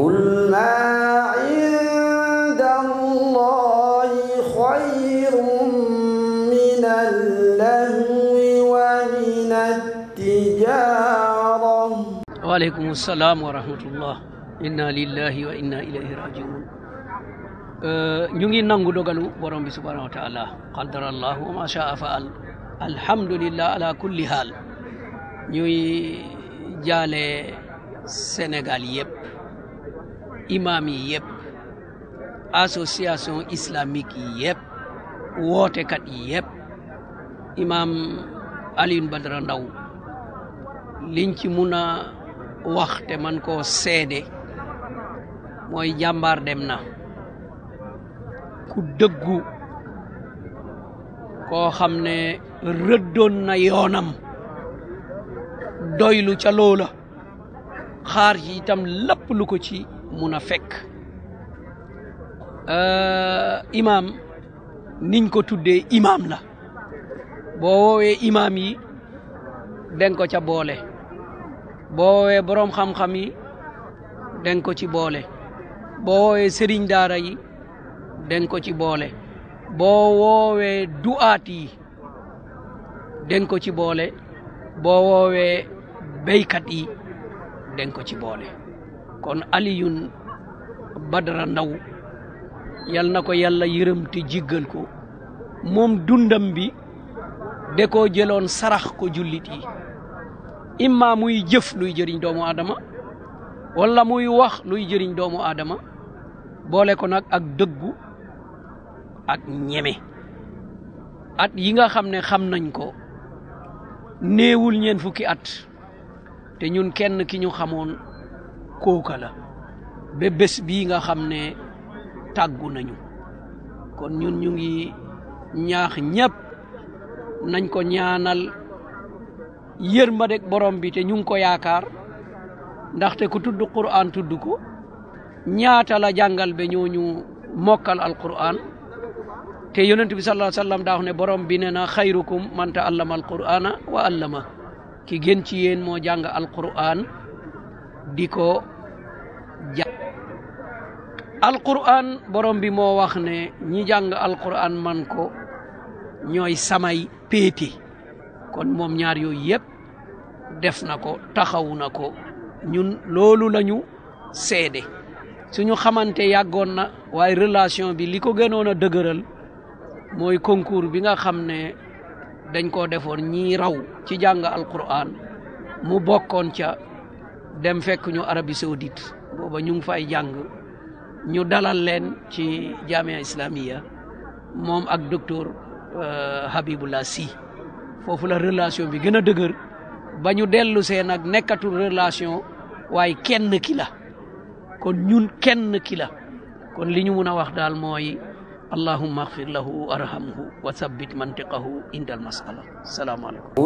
قل ما عند الله خير من اللهو ومن التجارة وعليكم السلام ورحمة الله inna lillahi wa inna ilayhi rajiun ñu ngi nangu dogalu borom bi subhanahu wa taala qadara allahu wa ma shaa faal alhamdulillah ala kulli haal ñuy jaale Sénégal yëpp imaam yi yëpp association islamique yi yëpp wootekat yi yëpp imaam Alioune Badara Ndaw liñ ci mun a wax man ko seede mooy jàmbaar dem na ku dëggu koo xam ne rëddoon na yoonam doylu ca loola xaar ci itam lépp lu ko ci mun a fekk euh, imaam niñ ko tuddee imaam la boo woowee imaam yi den ko ca boole boo woowee boroom xam-xam yi den ko ci boole boo woowee sëriñ daara yi den ko ci boole boo woowee du'aat yi den ko ci boole boo woowee béykat yi den ko ci boole kon aliyun badara ndaw yal na ko yàlla yërëm te jiggal ko moom dundam bi de ko jëloon sarax ko jullit yi imma muy jëf luy jëriñ doomu aadama wala muy wax luy jëriñ doomu aadama boole ko nag ak dëggu ak ñeme at yi nga xam ne xam nañ ko néewul ñeen fukki at te ñun kenn ki ñu xamoon kooka la ba bii nga xam ne tàggu nañu kon ñun ñu ngi ñaax ñépp nañ ko ñaanal yér yërmandeg borom bi te ñu ngi ko yaakaar ndaxte ku tudd Qur'an tudd ko ñaata la jàngal be ñooñu mokkal Alqur'an te yonent bi sallallahu alayhi wasallam daa ne borom bi ne na xayrukum man ta'allama Alqur'ana wa allama ki gën ci yéen moo jàng Alqur'an. di ko jàng alquran borom bi moo wax ne ñi jàng alquran man ko ñooy samay péete kon moom ñaar yooyu yëpp def na ko taxawu na ko ñun loolu lañu seede suñu xamante yàggoon na waaye relation bi li ko gënoon a dëgëral mooy concours bi nga xam ne dañ koo defoon ñii raw ci jàng alquran mu bokkoon ca dem fekk ñu Arabie Saoudite ba ñu ngi fay jàng ñu dalal leen ci jamia islamiya moom ak docteur euh, Habibullah Sy foofu la relation bi gën a dëgër ba ñu dellusee see nag nekkatul relation waaye kenn ki la kon ñun kenn kila kon li ñu mun a wax daal mooy allahumma axfir lahu arhamhu wa sabbit mantiqahu inda al masala salaamaaleykum